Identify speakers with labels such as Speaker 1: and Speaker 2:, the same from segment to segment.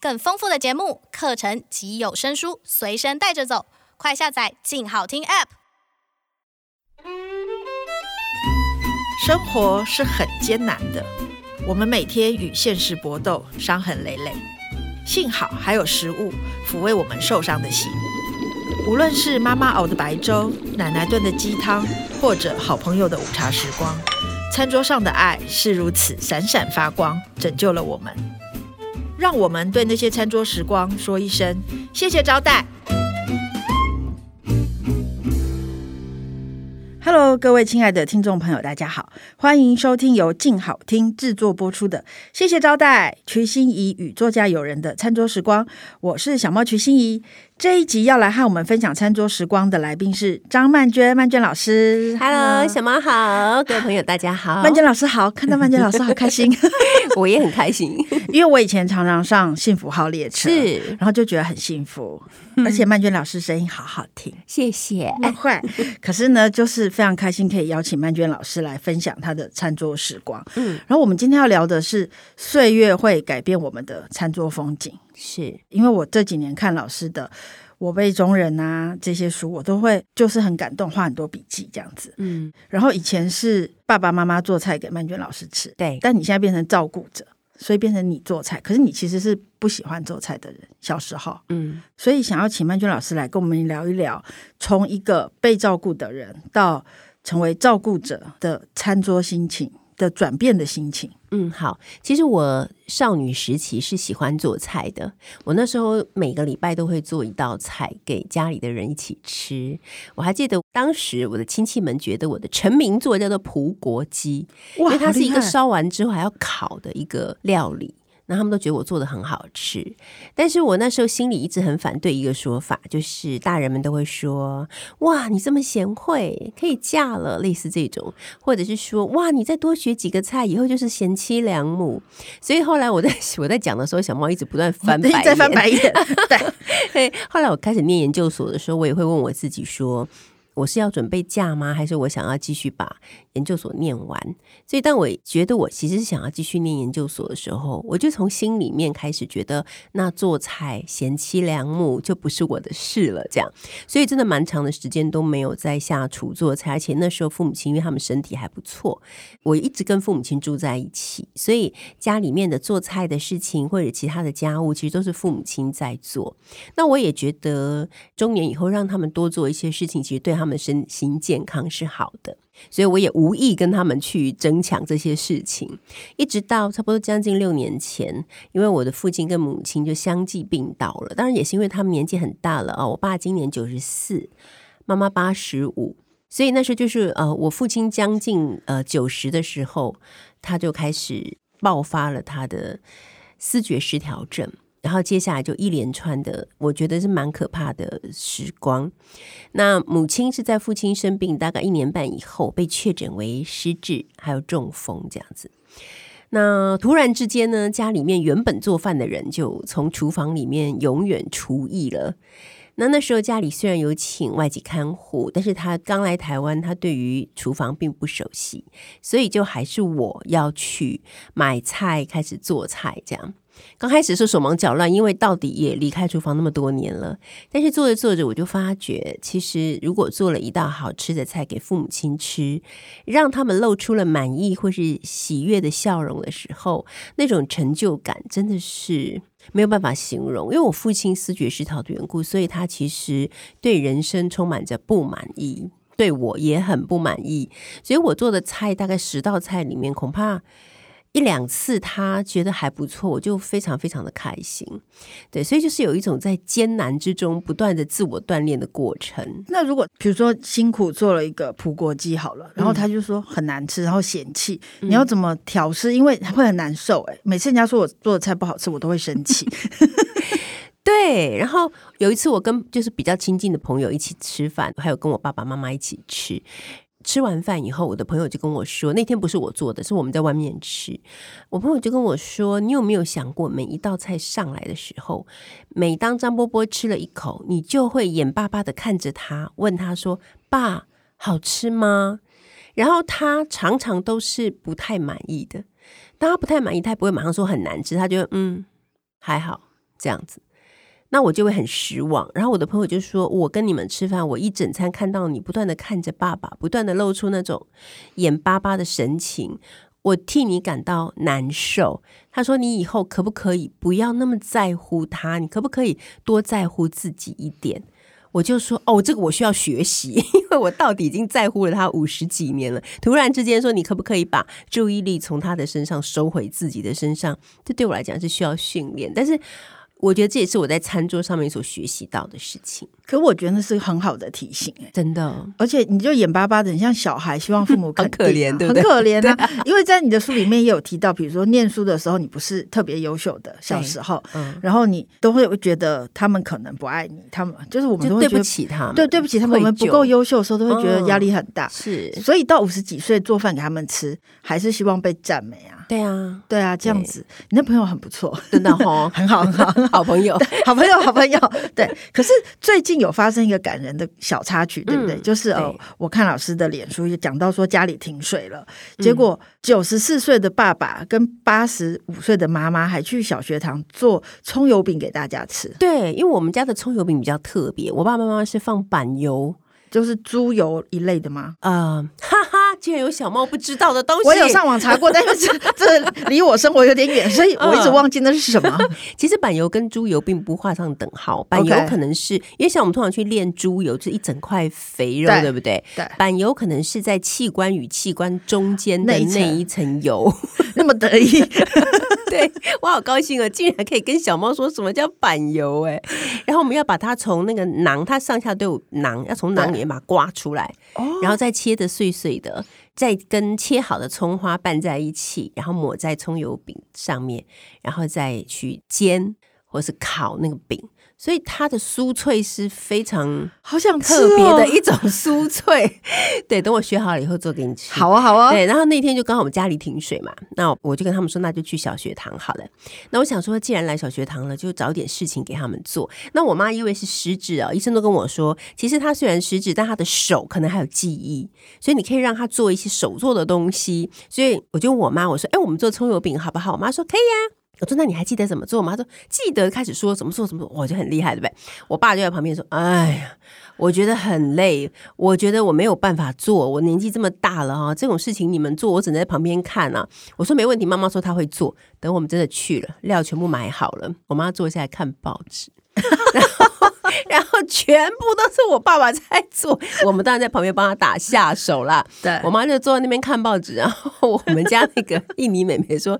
Speaker 1: 更豐富的節目、課程及有聲書隨身帶着走，快下載“鏡好聽 ”App。生活是很艱難的，我們每天與現實搏鬥，傷痕累累。幸好還有食物撫慰我們受傷的心，無論是媽媽熬的白粥、奶奶燉的雞湯，或者好朋友的午茶時光，餐桌上的愛是如此閃閃發光，拯救了我們。讓我們對那些餐桌時光說一聲，謝謝招待。Hello，各位親愛的聽眾朋友，大家好，歡迎收聽由靜好聽制作播出的《謝謝招待》，瞿欣怡與作家友人的餐桌時光，我是小貓瞿欣怡。這一集要來和我們分享餐桌時光的來賓是張曼娟，曼娟老師。Hello，
Speaker 2: 小貓好，各位朋友大家好，
Speaker 1: 曼娟老師好，看到曼娟老師好開心， 我也很開心，因為我以前常常上幸福號列車，是，然後就覺得很幸福，嗯、而且曼娟老師聲音好好聽，謝謝。不會， 可是呢，就是非常開心可以邀請曼娟老師來分享她的餐桌時光。嗯，然後我們今天要聊的是歲月會改變我們的餐桌風景。是因為我這幾年看老師的《我輩中人》啊這些書，我都會就是很感動，畫很多筆記這樣子。嗯，然後以前是爸爸媽媽做菜給曼娟老師吃，對。但你現在變成照顧者，所以變成你做菜。可是你其實是不喜歡做菜的人，小時候，嗯。所以想要請曼娟老師來跟我們聊一聊，從一個被照顧的人到成為照顧者的餐桌心情。的轉變的心情，嗯，好。其實我少女時期是喜歡做
Speaker 2: 菜的，我那時候每個禮拜都會做一道菜給家裡的人一起吃。我還記得當時我的親戚們覺得我的成名作叫做葡國雞，因為它是一個燒完之後還要烤的一個料理。然後他們都覺得我做的很好吃，但是我那時候心裡一直很反對一個說法，就是大人們都會說：“哇，你這麼賢惠，可以嫁了。”類似這種，或者是說：“哇，你再多學幾個菜，以後就是賢妻良母。”所以後來我在我在講的時候，小貓一直不斷翻白眼，再翻白眼。 對，後來我開始念研究所的時候，我也會問我自己說。我是要準備嫁嗎？還是我想要繼續把研究所念完？所以，當我覺得我其實是想要繼續念研究所的時候，我就從心裡面開始覺得，那做菜、賢妻良母就不是我的事了。這樣，所以真的蠻長的時間都沒有在下廚做菜。而且那時候父母親因為他們身體還不錯，我一直跟父母親住在一起，所以家裡面的做菜的事情或者其他的家務，其實都是父母親在做。那我也覺得中年以後讓他們多做一些事情，其實對他們，他們身心健康是好的，所以我也無意跟他們去爭搶這些事情。一直到差不多將近六年前，因為我的父親跟母親就相繼病倒了，當然也是因為他們年紀很大了啊。我爸今年九十四，媽媽八十五，所以那時候就是呃，我父親將近呃九十的時候，他就開始爆發了他的思覺失調症。然後接下來就一連串的，我覺得是蠻可怕的時光。那母親是在父親生病大概一年半以後被確診為失智，還有中風這樣子。那突然之間呢，家裡面原本做飯的人就從廚房裡面永遠除役了。那那時候家裡雖然有請外籍看護，但是他剛來台灣，他對於廚房並不熟悉，所以就還是我要去買菜，開始做菜這樣。剛開始是手忙腳亂，因為到底也離開廚房那麼多年了。但是做着做着，我就發覺，其實如果做了一道好吃的菜給父母親吃，讓他們露出了滿意或是喜悅的笑容的時候，那種成就感真的是沒有辦法形容。因為我父親思覺失調的緣故，所以他其實對人生充滿着不滿意，對我也很不滿意。所以我做的菜，大概十道菜裡面，恐怕。一兩次他覺得還不錯，我就非常非常的開
Speaker 1: 心，對，所以就是有一種在艱難之中不斷的自我鍛鍊的過程。那如果比如說辛苦做了一個葡國雞好了，嗯、然後他就說很難吃，然後嫌棄，嗯、你要怎麼挑食，因為會很難受。哎，每次人家說我做的菜不好吃，我都會生氣。
Speaker 2: 對，然後有一次我跟就是比較親近的朋友一起吃飯，還有跟我爸爸媽媽一起吃。吃完飯以後，我的朋友就跟我說，那天不是我做的，是我們在外面吃。我朋友就跟我說，你有沒有想過，每一道菜上來的時候，每當張伯伯吃了一口，你就會眼巴巴的看着他，問他說：“爸，好吃嗎？”然後他常常都是不太滿意的。當他不太滿意，他也不會馬上說很難吃，他覺得嗯還好這樣子。那我就會很失望。然後我的朋友就說：“我跟你們吃飯，我一整餐看到你不斷的看着爸爸，不斷的露出那種眼巴巴的神情，我替你感到難受。”他說：“你以後可不可以不要那麼在乎他？你可不可以多在乎自己一點？”我就說：“哦，這個我需要學習，因為我到底已經在乎了他五十幾年了。突然之間說你可不可以把注意力從他的身上收回自己的身上？這對我來講是需要訓練。”但是。我覺得這也是我在餐桌上面所學習到的事情。
Speaker 1: 可我覺得那是很好的提醒，欸，哎，真的。而且你就眼巴巴的，你像小孩，希望父母肯定，啊， 很可憐，對不對？很可憐啊！對因為在你的書裡面也有提到，比如說念書的時候，你不是特別優秀的小時候， 然後你都會覺得他們可能不愛你，他們就是我們都會對不起他，對，對不起他們，他們久我們不夠優秀的時候都會覺得壓力很大，嗯、是。所以到五十幾歲做飯給他們吃，還是希望被讚美啊。對啊，對啊，這樣子，對你那朋友很不錯，真的哦， 很好，很好，很好，很好朋友， 好朋友，好朋友。對，可是最近有發生一個感人的小插曲，嗯、對不對？就是哦，對我看老師的臉書也講到說家裡停水了，結果九十四歲的爸爸跟八十五歲的媽媽還去小學堂做蔥油餅給大家吃。對，因為我們家的蔥油餅比較特別，我爸爸媽媽是放板油，就是豬油一類的嗎？嗯、呃，哈哈。
Speaker 2: 竟然有小貓不知道的東西，我有上網查過， 但是這
Speaker 1: 離我生活有點遠，所以我一直忘記那是什麼。 其實
Speaker 2: 板油跟豬油並不畫上等號，板油可能是 Okay. 因為像我們通常去煉豬油，就是一整塊肥肉，對，對不對？對。板油可能是在器官與器官中間的那一層油那一。那麼得意， 對我好高興啊！竟然可以跟小貓說什麼叫板油哎， 然後我們要把它從那個囊，它上下都有囊，要從囊裡面把它刮出來，對然後再切得碎碎的。再跟切好的蔥花拌在一起，然後抹在蔥油餅上面，然後再去煎或是烤那個餅。所以它的酥脆是非常好像特別的一種酥脆，哦、 對。等我學好了以後做給你吃，好啊、哦、好啊、哦。對，然後那天就剛好我們家裡停水嘛，那我就跟他們說，那就去小學堂好了。那我想說，既然來小學堂了，就找點事情給他們做。那我媽因為是失智啊、喔，醫生都跟我說，其實她雖然失智，但她的手可能還有記憶，所以你可以讓她做一些手做的東西。所以我就問我媽，我說，哎、欸，我們做蔥油餅好不好？我媽說可以呀、啊。我說：“那你還記得怎麼做嗎？”他說：“記得，開始說怎麼做怎麼做，我就很厲害，對不對？”我爸就在旁邊說：“哎呀，我覺得很累，我覺得我沒有辦法做，我年紀這麼大了啊，這種事情你們做，我只能在旁邊看啊。”我說：“沒問題。”媽媽說：“她會做。”等我們真的去了，料全部買好了，我媽坐下來看報紙， 然後然後全部都是我爸爸在做，我們當然在旁邊幫他打下手啦。對，我媽就坐在那邊看報紙，然後我們家那個印尼妹妹說。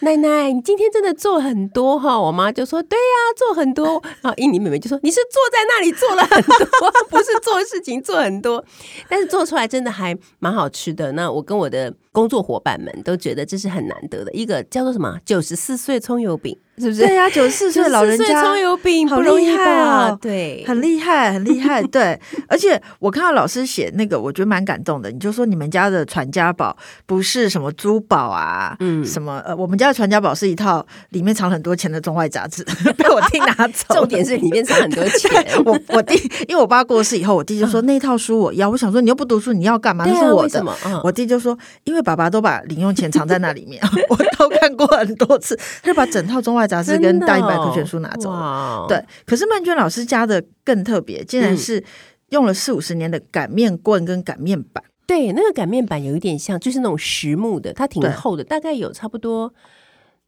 Speaker 2: 奶奶，你今天真的做很多哈？我媽就說：“對呀、啊，做很多。 啊”然後印尼妹妹就說：“你是坐在那裡做了很多，不是做事情 做很多。”但是做出來真的還蠻好吃的。那我跟我的工作夥伴們都覺得這是很難得的。一個叫做什麼？九十四歲蔥油餅，是不是？對呀、啊，九十四歲老人家蔥油餅， 好厲害啊！對，
Speaker 1: 很厲害，很厲害。對， 而且我看到老師寫那個，我覺得蠻感動的。你就說你們家的傳家寶不是什麼珠寶啊，嗯，什麼呃，我們家。傳家寶是一套裡面藏很多錢的中外雜誌，被我弟拿走了， 重點是裡面藏很多錢。 我我弟因為我爸過世以後，我弟就說、嗯、那一套書我要。我想說你又不讀書，你要幹嘛？那、啊、是我的。嗯、我弟就說，因為爸爸都把零用錢藏在那裡面， 我偷看過很多次，就把整套中外雜誌跟大英百科全書拿走、哦、對，可是曼娟老師家的更特別，竟然是用了四五十年的擀麵棍跟擀麵板、嗯。對，那個擀麵板有一點像，就是那種實木
Speaker 2: 的，它挺厚的，對大概有差不多，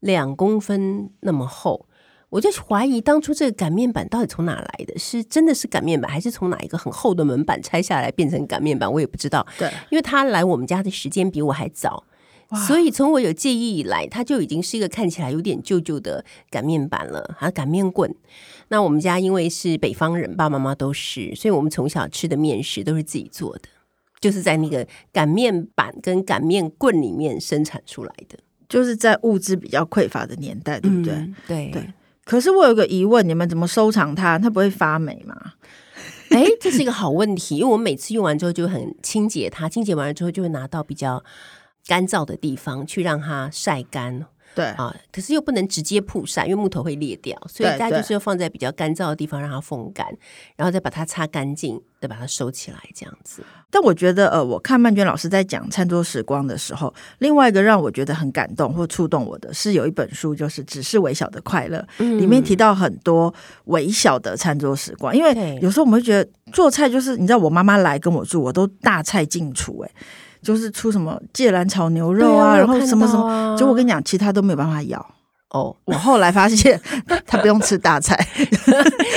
Speaker 2: 兩公分那麼厚，我就懷疑當初這個擀麵板到底從哪來的？是真的是擀麵板，還是從哪一個很厚的門板拆下來變成擀麵板？我也不知道。對，因為他來我們家的時間比我還早，哇所以從我有記憶以來，他就已經是一個看起來有點舊舊的擀麵板了，還、啊、有擀麵棍。那我們家因為是北方人，爸爸媽媽都是，所以我們從小吃的麵食都是自己做的，就是在那個擀麵板跟擀麵棍裡面
Speaker 1: 生產出來的。就是在物質比較匱乏的年代，對不對？嗯、對對。可是我有個疑問，你們怎麼收藏它？它不會發霉嗎？哎、欸，這是一個好問
Speaker 2: 題， 因為我每次用完之後就很清潔它，清潔完了之後就會拿到比較乾燥的地方去讓它曬乾。對啊，可是又不能直接曝曬，因為木頭會裂掉，所以大家就是要放在比較乾燥的地方，對對，讓它風乾，然後再把它擦乾淨，再把它收起來這樣子。
Speaker 1: 但我覺得，呃，我看曼娟老師在講餐桌時光的時候，另外一個讓我覺得很感動或觸動我的是，有一本書就是《只是微小的快樂》，嗯嗯，裡面提到很多微小的餐桌時光，因為有時候我們會覺得做菜就是，你知道，我媽媽來跟我住，我都大菜進廚、欸，哎。就是出什麼芥藍炒牛肉啊，然後什麼什麼，就我跟你講，其他都沒辦法要哦。我後來發現，他不用吃大菜，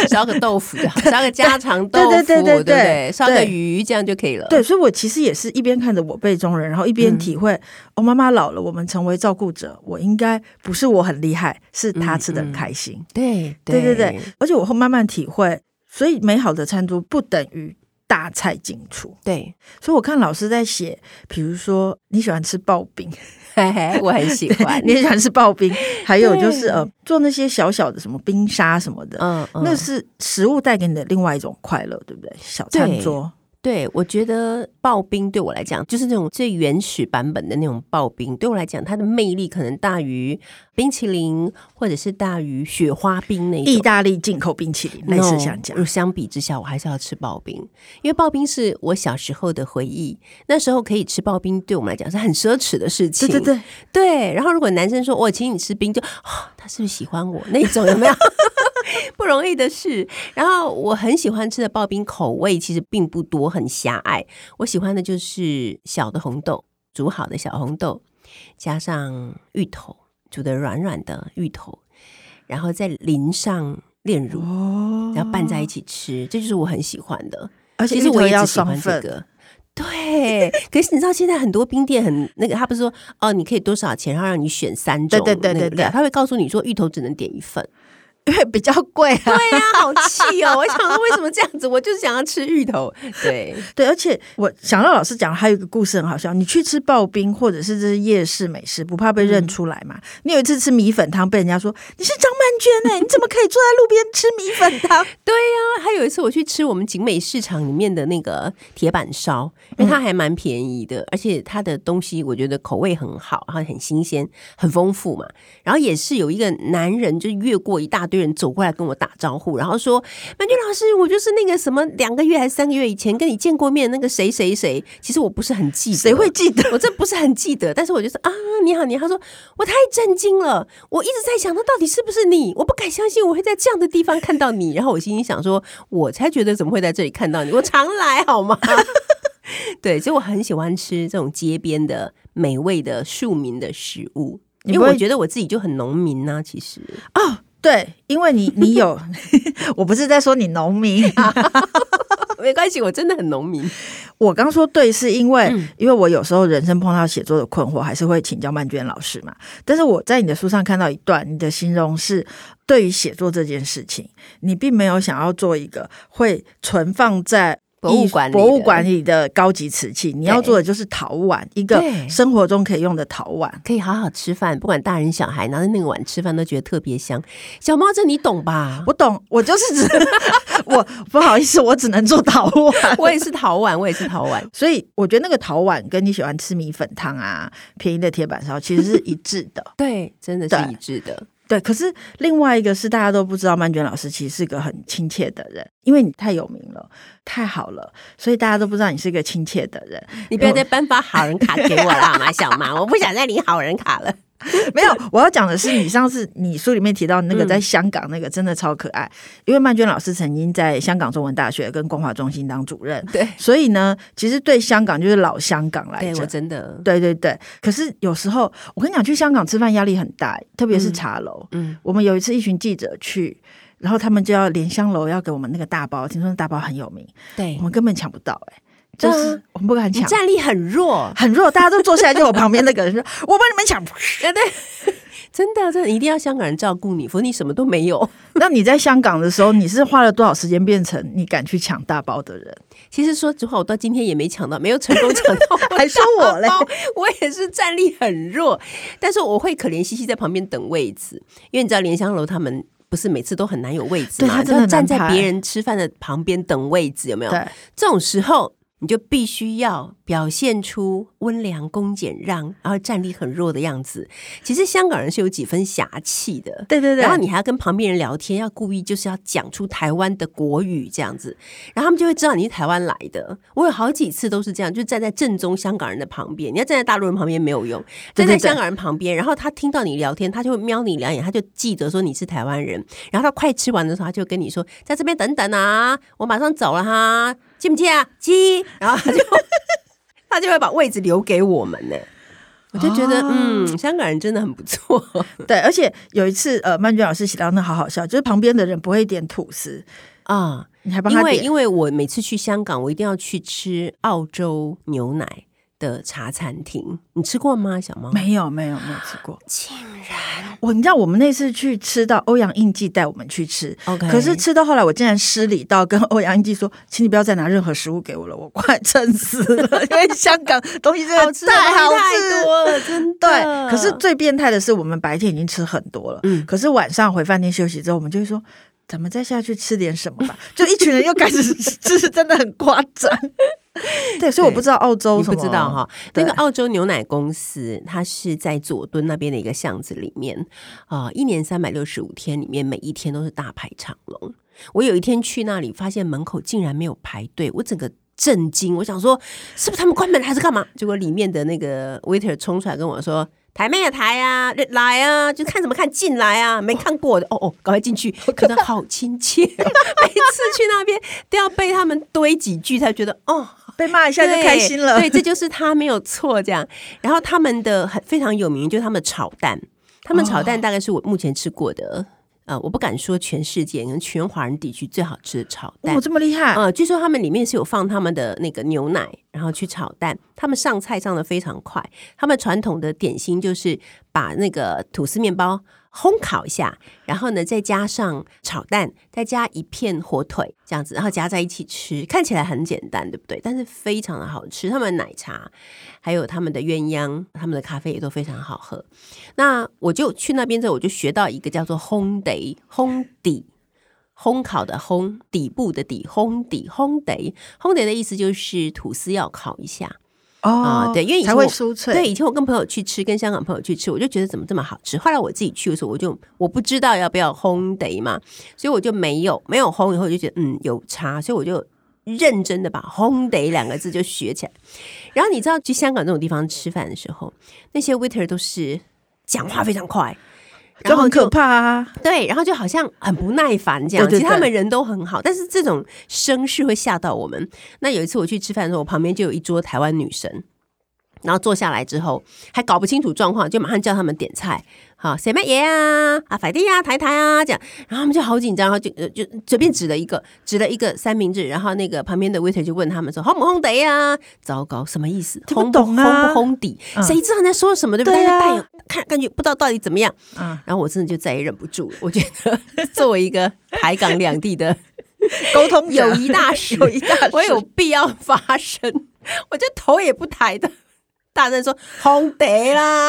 Speaker 2: 燒個豆腐就好，燒個家常豆腐，對對對對，燒個魚這樣就可以了。對，
Speaker 1: 所以，我其實也是一邊看着我輩中人，然後一邊體會，我媽媽老了，我們成為照顧者，我應該不是我很厲害，是他吃的很開心。對，對對對，而且我會慢慢體會，所以美好的餐桌不等於。大菜進廚，對，所以我看老師在寫，比如說你喜歡吃刨冰， 我很喜歡， 你也喜歡吃刨冰，還有就是對呃，做那些小小的什麼冰沙什麼的，嗯，嗯，那是食物帶給你的另外一種快樂，對不對？小餐桌。
Speaker 2: 對，我覺得刨冰對我來講就是那種最原始版本的那種刨冰，對我來講它的魅力可能大於冰淇淋，或者是大於雪花冰那種意大利進口冰淇淋。那是想講，no, 相比之下我還是要吃刨冰，因為刨冰是我小時候的回憶，那時候可以吃刨冰，對我們來講是很奢侈的事情。對對對，對，然後如果男生說我請你吃冰，就、哦、他是不是喜歡我那種有沒有？ 不容易的事。然後我很喜歡吃的刨冰口味其實並不多，很狹隘。我喜歡的就是小的紅豆煮好的小紅豆，加上芋頭煮的軟軟的芋頭，然後再淋上煉乳，哦、然後拌在一起吃，這就是我很喜歡的。
Speaker 1: 而且芋頭要雙份。其實
Speaker 2: 我也只喜歡這個。對， 可是你知道現在很多冰店很那個，他不是說哦，你可以多少錢，然後讓你選三種？對對,對對對對，他會告訴你說芋頭只能點一份。
Speaker 1: 因為比較貴，啊，對呀，啊，好氣哦！我想說為什麼這樣子？我就是想要吃芋頭， 對對，而且我想到老師講，還有一個故事很好笑。你去吃刨冰，或者是這是夜市美食，不怕被認出來嘛？嗯、你有一次吃米粉湯，被人家說、嗯、你是張曼娟哎， 你怎麼可以坐在路邊吃米粉湯？ 對呀，啊，還有一次我去吃我們景美市場裡面的那
Speaker 2: 個鐵板燒，因為它還蠻便宜的，嗯、而且它的東西我覺得口味很好，然後很新鮮、很豐富嘛。然後也是有一個男人就越過一大有人走過來跟我打招呼，然後說：“曼娟老師，我就是那個什麼兩個月還是三個月以前跟你見過面的那個誰誰誰。”其實我不是很記得，誰會記得？我這不是很記得，但是我就是啊，你好，你好！他說我太震驚了，我一直在想，他到底是不是你？我不敢相信我會在這樣的地方看到你。然後我心裡想說，我才覺得怎麼會在這裡看到你？我常來好嗎？ 對，所以我很喜歡吃這種街邊的美味的庶民的食物，因為我覺得我自己就很農民呢、啊。其實
Speaker 1: 啊。哦對，因為你你有， 我不是在說你農民， 沒關係，我真的很農民。我剛說對，是因為、嗯、因為我有時候人生碰到寫作的困惑，還是會請教曼娟老師嘛。但是我在你的書上看到一段，你的形容是，對於寫作這件事情，你並沒有想要做一個會存放在。博物館裡的，博物館裡的高級瓷器，你要做的就是陶碗，對一個生活中可以用的
Speaker 2: 陶碗，可以好好吃飯。不管大人小孩拿着那個碗吃飯都覺得特別香。小貓，這你
Speaker 1: 懂吧？我懂，我就是只 我不好意思，我只能做陶碗，碗。我也是陶碗，我也是陶碗。所以我覺得那個陶碗跟你喜歡吃米粉湯啊、便宜的鐵板燒其實是一致的。 對，真的是一致的。對，可是另外一個是大家都不知道，曼娟老師其實是個很親切的人，因為你太有名了，太好了，所以大家都不知道你是一個親切的人。你不要再頒
Speaker 2: 發好人卡給我了好嗎？ 小媽，我不想再
Speaker 1: 領好人卡了。 沒有，我要講的是，你上次你書裡面提到的那個在香港、那個嗯、那個真的超可愛，因為曼娟老師曾經在香港中文大學跟光華中心當主任，對，所以呢，其實對香港就是老香港來講，對我真的，對對對。可是有時候我跟你講，去香港吃飯壓力很大，特別是茶樓。嗯，我們有一次一群記者去，然後他們就要蓮香樓要給我們那個大包，聽說那大包很有名，對，我們根本搶不到哎、欸。對啊、就是我們不敢搶，戰
Speaker 2: 力很弱，
Speaker 1: 很弱。大家都坐下來，就我旁邊那個人說：“ 我幫你們搶。”對 對，真的，真的一定要香港人照顧你，否則你什麼都沒有。 那你在香港的時候，你是花了多少時間變成你敢去搶大包的人？其實
Speaker 2: 說實話，我到今天也沒搶到，沒有成功搶到， 還說我嘞，我也是戰力很弱，但是我會可憐兮兮在旁邊等位置，因為你知道蓮香樓他們不是每次都很難有位置嘛，對，他真站在別人吃飯的旁邊等位置，有沒有？對這種時候。你就必須要表現出溫良恭儉讓，然後戰力很弱的樣子。其實香港人是有幾分俠氣的，對對對。然後你還要跟旁邊人聊天，要故意就是要講出台灣的國語這樣子，然後他們就會知道你是台灣來的。我有好幾次都是這樣，就站在正宗香港人的旁邊。你要站在大陸人旁邊沒有用，站在香港人旁邊，然後他聽到你聊天，他就會瞄你兩眼，他就記得說你是台灣人。然後他快吃完的時候，他就跟你說：“在這邊等等啊，我馬上走了哈。”記不記啊？記，然後他
Speaker 1: 就 他就會把位置留給我們呢、欸。我就覺得，哦、嗯，香港人真的很不錯。嗯、不錯對，而且有一次，呃，曼娟老師寫到那好好笑，就是旁邊的人不會點吐司啊，哦、你還幫他點？因為，因為我每次去香港，我一定要
Speaker 2: 去吃澳洲牛奶。的茶餐廳，你吃過嗎？小貓沒
Speaker 1: 有，沒有，沒有吃過。竟然、啊、我，你知道我們那次去吃到歐陽應霽帶我們去吃 Okay 可是吃到後來，我竟然失禮到跟歐陽應霽說：“請你不要再拿任何食物給我了，我快撐死了。” 因為香港東西真的太好吃了，真的。對，可是最變態的是，我們白天已經吃很多了，嗯，可是晚上回飯店休息之後，我們就會說：“咱們再下去吃點什麼吧。” 就一群人又開始吃，吃是真的很誇張。 對，所以我不知道澳洲，啊，你不知道哈。那個，澳洲牛奶公司，它
Speaker 2: 是在佐敦那邊的一個巷子裡面啊，呃，一年三百六十五天裡面，每一天都是大排長龍。我有一天去那裡，發現門口竟然沒有排隊，我整個震驚。我想說，是不是他們關門還是幹嘛？結果裡面的那個 waiter 衝出來跟我說：“台妹啊，台啊，來啊，就看怎麼看進來啊，沒看過的哦哦，趕快進去，可能好親切、哦。” 每次去那邊都要被他們堆幾句，才覺得哦。被罵一下就開心了，對，對，這就是他沒有錯這樣。 然後他們的很非常有名，就是他們的炒蛋，他們炒蛋大概是我目前吃過的，哦、呃，我不敢說全世界，可能全華人地區最好吃的炒蛋，哇、哦，這麼厲害！呃，據說他們裡面是有放他們的那個牛奶，然後去炒蛋。他們上菜上的非常快，他們傳統的點心就是把那個吐司麵包。烘烤一下，然後呢，再加上炒蛋，再加一片火腿，這樣子，然後夾在一起吃，看起來很簡單，對不對？但是非常的好吃。他們的奶茶，還有他們的鴛鴦，他們的咖啡也都非常好喝。那我就去那邊之後，我就學到一個叫做“烘底”，烘底，烘烤的烘，底部的底，烘底，烘底，烘底的意思就是吐司要烤一下。哦、呃，對，因為以前我才會對，以前我跟朋友去吃，跟香港朋友去吃，我就覺得怎麼這麼好吃？後來我自己去的時候，我就我不知道要不要烘底嘛，所以我就沒有沒有烘。以後就覺得嗯有差，所以我就認真的把烘底兩個字就學起來。 然後你知道去香港這種地方吃飯的時候，那些 waiter 都是講話非常快。然後就，就很可怕啊，對，然後就好像很不耐煩這樣。對對對，其實他，他們人都很好，但是這種聲勢會嚇到我們。那有一次我去吃飯的時候，我旁邊就有一桌台灣女神。然後坐下來之後，還搞不清楚狀況，就馬上叫他們點菜。好、啊，誰賣爺啊？啊法蒂啊，台台啊，這樣，然後他們就好緊張，然後就就，就，就隨便指了一個，指了一個三明治。然後那個旁邊的 waiter 就問他們說：“烘不烘底啊？”糟糕，什麼意思？聽不，不懂啊？烘不烘底？轟轟啊、誰知道你在說什麼？對不對？對啊、但看感覺不知道到底怎麼樣啊？然後我真的就再也忍不住了，我覺得 作為一個台港兩地的
Speaker 1: 溝通友誼 大使，我有
Speaker 2: 必要發聲。我就頭也不抬的。大聲說“烘得啦”，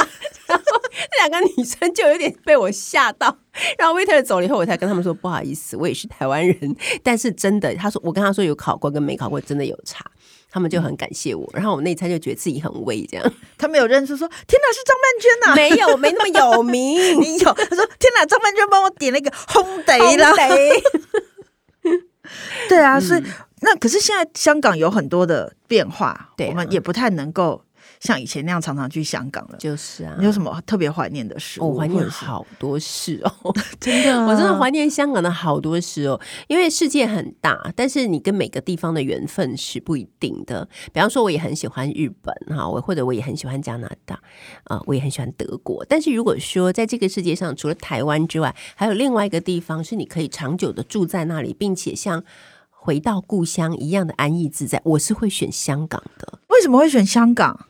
Speaker 2: 然後那兩個女生就有點被我嚇到。然後 waiter 走了以後，我才跟他們說：“不好意思，我也是台灣人，但是真的，他說我跟他說有考過跟沒考過真的有差。”他們就很感謝我。然後我那餐就覺得自己很威，這樣。
Speaker 1: 他們有認識說：“天哪，是張曼娟呐、啊！”沒有，沒那麼有名。 你有，他說：“天哪，張曼娟幫我點了一個烘碟啦。”對啊，所以、嗯、那可是現在香港有很多的變化，對啊、我們也不太能夠。像以前那樣常常去香港了，就是啊。你有什麼特別懷念的事？哦，我懷念好
Speaker 2: 多事哦，
Speaker 1: 真的啊，我真的懷念香
Speaker 2: 港的好多事哦。因為世界很大，但是你跟每個地方的緣分是不一定的。比方說，我也很喜歡日本哈，我或者我也很喜歡加拿大啊，呃，我也很喜歡德國。但是如果說在這個世界上，除了台灣之外，還有另外一個地方是你可以長久的住在那裡，並且像回到故鄉一樣的安逸自在，我是會選香港的。為什麼會選香港？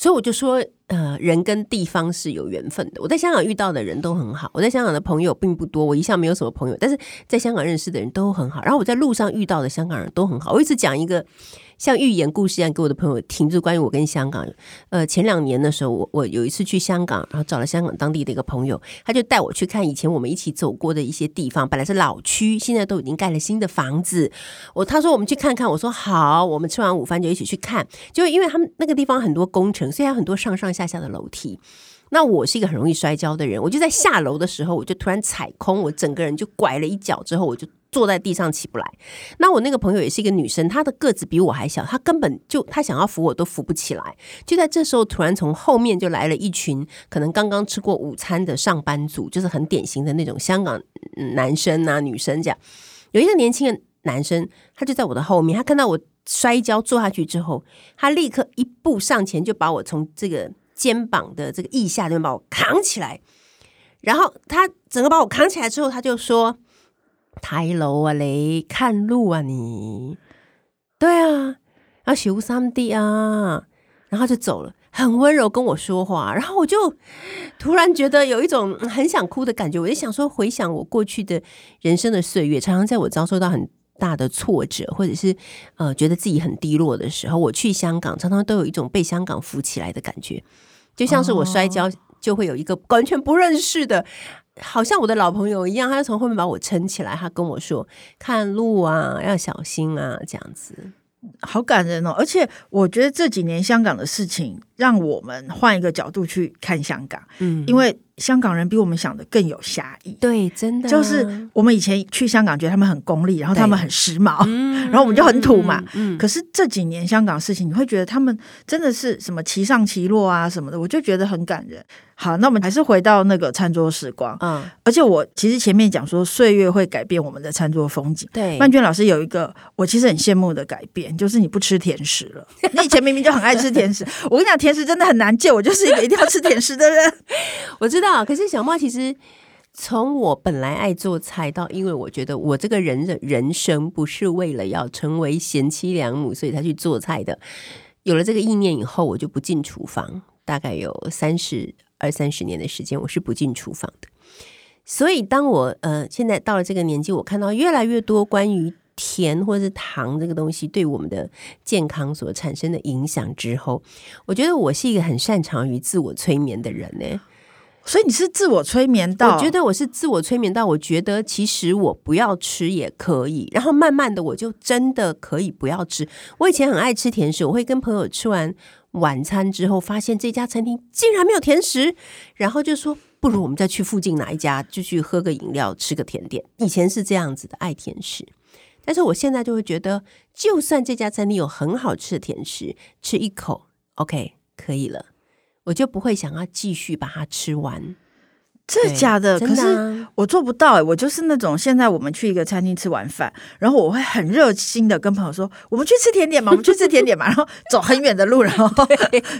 Speaker 2: 所以我就說，呃，人跟地方是有緣分的。我在香港遇到的人都很好，我在香港的朋友並不多，我一向沒有什麼朋友，但是在香港認識的人都很好，然後我在路上遇到的香港人都很好。我一直講一個。像寓言故事一樣，給我的朋友聽着。關於我跟香港，呃，前兩年的時候，我我有一次去香港，然後找了香港當地的一個朋友，他就帶我去看以前我們一起走過的一些地方。本來是老區，現在都已經蓋了新的房子。我他說我們去看看，我說好，我們吃完午飯就一起去看。就因為他們那個地方很多工程，所以還有很多上上下下的樓梯。那我是一個很容易摔跤的人，我就在下樓的時候，我就突然踩空，我整個人就拐了一腳，之後我就。坐在地上起不來，那我那個朋友也是一個女生，她的個子比我還小，她根本就她想要扶我都扶不起來。就在這時候，突然從後面就來了一群可能剛剛吃過午餐的上班族，就是很典型的那種香港男生啊、女生這樣。有一個年輕的男生，他就在我的後面，他看到我摔跤坐下去之後，他立刻一步上前就把我從這個肩膀的這個腋下那邊把我扛起來，然後他整個把我扛起來之後，他就說。抬樓啊，嘞，看路啊你，你對啊，要修三 D 啊，然後就走了，很溫柔跟我說話，然後我就突然覺得有一種很想哭的感覺，我就想說，回想我過去的人生的歲月，常常在我遭受到很大的挫折或者是呃覺得自己很低落的時候，我去香港常常都有一種被香港扶起來的感覺，就像是我摔跤、哦、就會有一個完全不認識的。好像我的老朋友一樣，他從後面把我
Speaker 1: 撐起來，他跟我說：“看路啊，要小心啊，這樣子好感人哦。”而且我覺得這幾年香港的事情，讓我們換一個角度去看香港。嗯，因為。香港人比我們想的更有俠義，對，真的、啊、就是我們以前去香港覺得他們很功利，然後他們很時髦，對然後我們就很土嘛。嗯嗯嗯嗯、可是這幾年香港事情，你會覺得他們真的是什麼齊上齊落啊什麼的，我就覺得很感人。好，那我們還是回到那個餐桌時光。嗯，而且我其實前面講說歲月會改變我們的餐桌風景。對，曼娟老師有一個我其實很羨慕的改變，就是你不吃甜食了。 你以前明明就很愛吃甜食， 我跟你講甜食真的很難戒，我就是一個一定要吃甜
Speaker 2: 食的人。 我知道。啊！可是小貓其實，從我本來愛做菜到，因為我覺得我這個人的人生不是為了要成為賢妻良母，所以才去做菜的。有了這個意念以後，我就不進廚房。大概有三十二三十年的時間，我是不進廚房的。所以，當我呃現在到了這個年紀，我看到越來越多關於甜或者是糖這個東西對我們的健康所產生的影響之後，我覺得我是一個很擅長於自我催眠的人呢、欸。所以你是自我催眠到？我覺得我是自我催眠到，我覺得其實我不要吃也可以，然後慢慢的我就真的可以不要吃。我以前很愛吃甜食，我會跟朋友吃完晚餐之後，發現這家餐廳竟然沒有甜食，然後就說，不如我們再去附近哪一家，就去喝個飲料，吃個甜點。以前是這樣子的，愛甜食，但是我現在就會覺得，就算這家餐廳有很好吃的甜食，吃一口 OK 可以了。我就不會想要繼
Speaker 1: 續把它吃完，真的假的？可是我做不到、欸，我就是那種現在我們去一個餐廳吃完飯，然後我會很熱心的跟朋友說：“我們去吃甜點嘛，我們 去吃甜點嘛。”然後走很遠的路，然後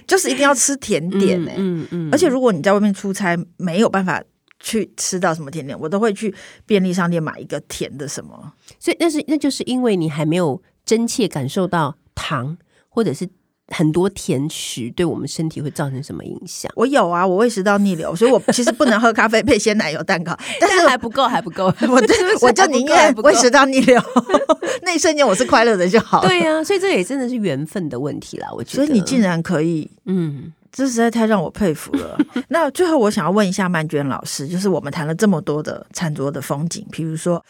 Speaker 1: 就是一定要吃甜點哎、欸。 嗯嗯嗯、而且如果你在外面出差，沒有辦法去吃到什麼甜點，我都會去便利商店買一個甜的什麼。所以，那是那就是因為你還沒有真切感受到
Speaker 2: 糖，或者是。很多甜食對我們身體會造成什麼影響？
Speaker 1: 我有啊，我胃食道逆流，所以我其實不能喝咖啡配鮮奶油蛋糕， 但是但還不夠，還不夠，我真的，我就寧願胃食道逆流， 那一瞬間我是快樂的就好。對呀、啊，所以這也真的是緣分的問題啦，我覺得。所以你竟然可以，
Speaker 2: 嗯，
Speaker 1: 這實在太讓我佩服了。 那最後我想要問一下曼娟老師，就是我們談了這麼多的餐桌的風景，譬如說，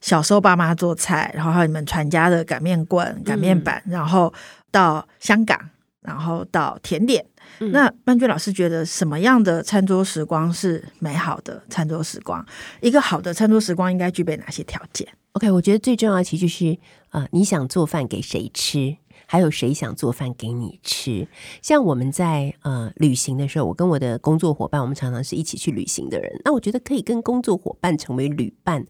Speaker 1: 小時候爸媽做菜，然後還有你們傳家的擀麵棍、擀麵板，嗯、然後到香港，然後到甜點。嗯、那曼娟老師覺得什麼樣的餐桌時光是美好的餐桌時光？一個好的餐桌時光應該具備哪些條件？OK，
Speaker 2: 我覺得最重要的其實就是呃，你想做飯給誰吃，還有誰想做飯給你吃。像我們在呃旅行的時候，我跟我的工作夥伴，我們常常是一起去旅行的人。那我覺得可以跟工作夥伴成為旅伴，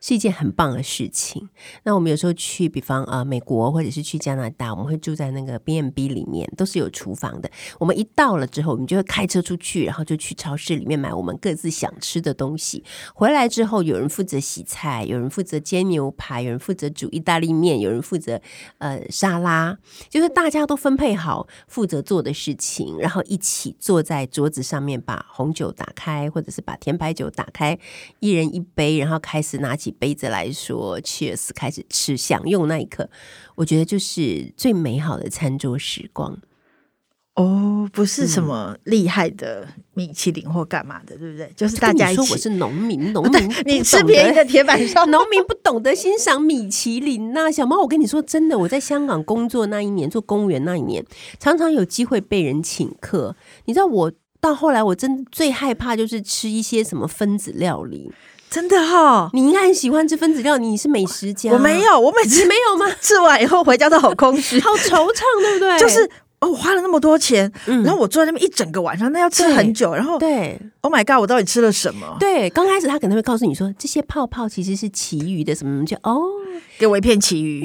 Speaker 2: 是一件很棒的事情。那我們有時候去，比方呃美國或者是去加拿大，我們會住在那個 B&B 裡面，都是有廚房的。我們一到了之後，我們就會開車出去，然後就去超市裡面買我們各自想吃的東西。回來之後，有人負責洗菜，有人負責煎牛排，有人負責煮意大利麵，有人負責呃沙拉，就是大家都分配好負責做的事情，然後一起坐在桌子上面，把紅酒打開或者是把甜白酒打開，一人一杯，然後開始拿起。杯子來說，Cheers，開始吃，享用那一刻，我覺得就是最美
Speaker 1: 好的餐桌時光。哦，不是什麼厲害的米其林或幹嘛的，對不對？就是大家一起，你說我是
Speaker 2: 農民，農民 你吃便宜的鐵板燒，農 民不懂得欣賞米其林吶、啊。小貓，我跟你說真的，我在香港工作那一年，做公務員那一年，常常有機會被人請客。你知道我，我到後來，我真的最害怕就是吃一些什麼分子料理。真的哈、哦，你應該很喜
Speaker 1: 歡吃分子料理，你是美食家我，我沒有，我每次沒有嗎？吃完以後回家都好空虛， 好惆悵，對不對？就是我、哦、花了那麼多錢，嗯、然後我坐在那邊一整個晚上，那要吃很久，對然後對，Oh my god，我到底吃了什麼？對，剛開始他可能會告訴你說，這些泡泡其實是
Speaker 2: 旗魚的什麼？就哦，給我一片旗魚。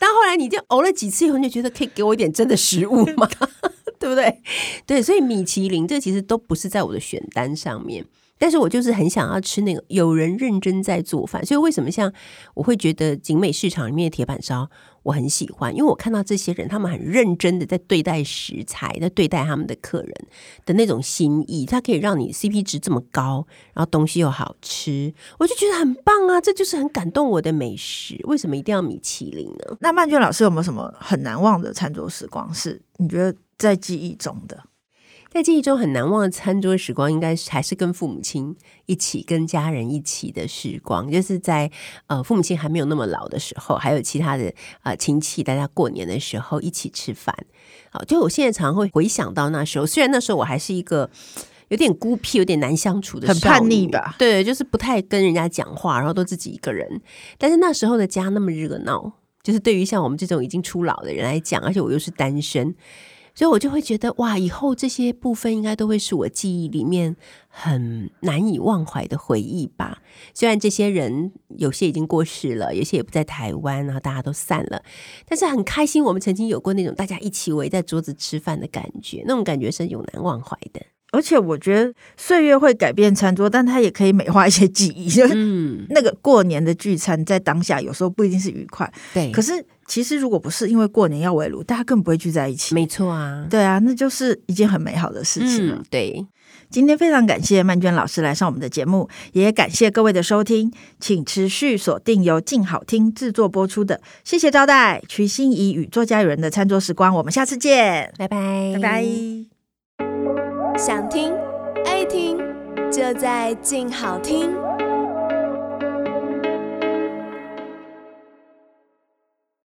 Speaker 2: 但 後來你就熬了幾次以後，你就覺得可以給我一點真的食物嗎？ 對不對？對，所以米其林這其實都不是在我的選單上面。但是我就是很想要吃那個有人認真在做飯，所以為什麼像我會覺得景美市場裡面的鐵板燒我很喜歡？因為我看到這些人他們很認真的在對待食材，在對待他們的客人的那種心意，它可以讓你 CP 值這麼高，然後東西又好吃，我就覺得很
Speaker 1: 棒啊！這就是很感動我的美食。為什麼一定要米其林呢？那曼娟老師有沒有什麼很難忘的餐桌時光？是你覺得在記憶中的？在記憶中很難
Speaker 2: 忘的餐桌時光，應該還是跟父母親一起、跟家人一起的時光，就是在呃父母親還沒有那麼老的時候，還有其他的啊、呃、親戚，大家過年的時候一起吃飯。好、呃，就我現在常常會回想到那時候，雖然那時候我還是一個有點孤僻、有點難相處的，很叛逆吧？對，就是不太跟人家講話，然後都自己一個人。但是那時候的家那麼熱鬧，就是對於像我們這種已經初老的人來講，而且我又是單身。所以，我就會覺得，哇，以後這些部分應該都會是我記憶裡面很難以忘懷的回憶吧。雖然這些人有些已經過世了，有些也不在台灣啊，然後大家都散了，但是很開心，我們曾經有過那種大家一起圍在桌子吃飯的感覺，那種感覺是永難忘懷的。
Speaker 1: 而且我覺得歲月會改變餐桌，但它也可以美化一些記憶。嗯、 那個過年的聚餐，在當下有時候不一定是愉快。對，可是其實如果不是因為過年要圍爐，大家更不會聚在一起。沒錯啊，對啊，那就是一件很美好的事情。嗯、對，今天非常感謝曼娟老師來上我們的節目，也感謝各位的收聽，請持續鎖定由靜好聽製作播出的《謝謝招待許心怡與作家友人的餐桌時光》，我們下次見，拜拜，拜拜。拜拜拜拜
Speaker 2: 想聽愛聽，就在鏡好聽。